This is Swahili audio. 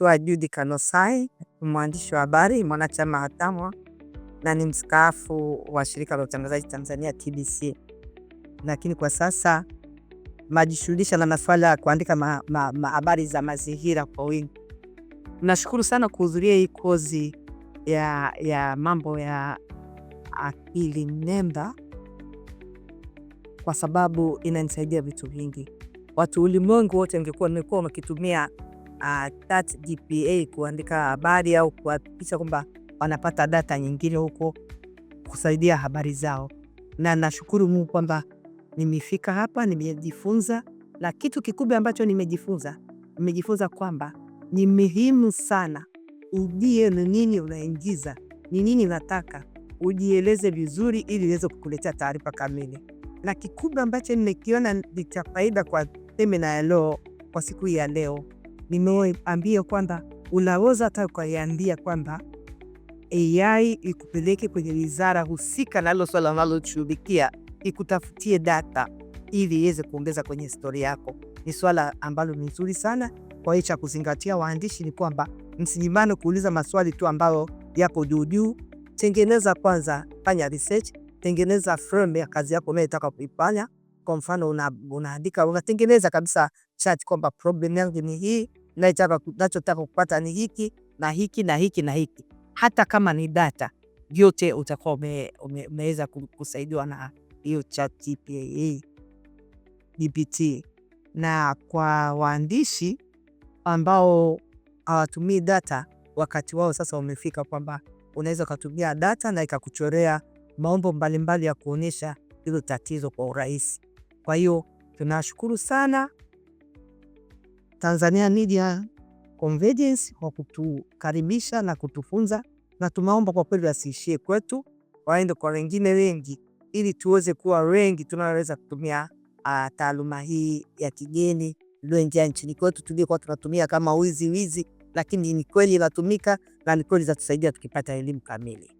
Joshua Judi Kanosai, mwandishi wa habari, mwanachama hatamu na ni mstaafu wa shirika la utangazaji Tanzania TBC, lakini kwa sasa najishughulisha na masuala ya kuandika ma, ma, ma za mazingira kwa wingi. Nashukuru sana kuhudhuria hii kozi ya, ya mambo ya akili mnemba kwa sababu inanisaidia vitu vingi. Watu ulimwengu wote, ningekuwa nilikuwa wakitumia uh, kuandika habari au kuhakikisha kwamba wanapata data nyingine huko kusaidia habari zao, na nashukuru Mungu kwamba nimefika hapa, nimejifunza. Na kitu kikubwa ambacho nimejifunza, nimejifunza kwamba ni muhimu sana ujie ni nini unaingiza, ni nini unataka, ujieleze vizuri, ili iweze kukuletea taarifa kamili. Na kikubwa ambacho nimekiona ni cha faida kwa semina ya leo, kwa siku hii ya leo nimewaambia kwamba unaweza hata ukaiambia kwamba AI ikupeleke kwenye wizara husika nalo swala unaloshughulikia, ikutafutie data ili iweze kuongeza kwenye historia yako. Ni swala ambalo ni nzuri sana. Kwa hiyo cha kuzingatia, waandishi, ni kwamba msinyimane kuuliza maswali tu ambayo yako juu. Tengeneza kwanza, fanya research, tengeneza frame ya kazi yako unayotaka kuifanya. Kwa mfano, unaandika una unatengeneza kabisa chat kwamba problem yangu ni hii nachotaka kupata ni hiki na hiki na hiki na hiki, hata kama ni data vyote utakuwa umeweza kusaidiwa na hiyo ChatGPT Na kwa waandishi ambao hawatumii data, wakati wao sasa umefika, kwamba unaweza ukatumia data na ikakuchorea maumbo mbalimbali ya kuonyesha hilo tatizo kwa urahisi. Kwa hiyo tunashukuru sana. Tanzania Media Convergence kwa kutukaribisha na kutufunza, na tumaomba kwa kweli wasiishie kwetu, waende kwa wengine wengi, ili tuweze kuwa wengi tunaweza kutumia uh, taaluma hii ya kigeni iliyoingia nchini kwetu tuliokuwa tunatumia kama wizi wizi, lakini ni kweli inatumika na ni kweli zatusaidia tukipata elimu kamili.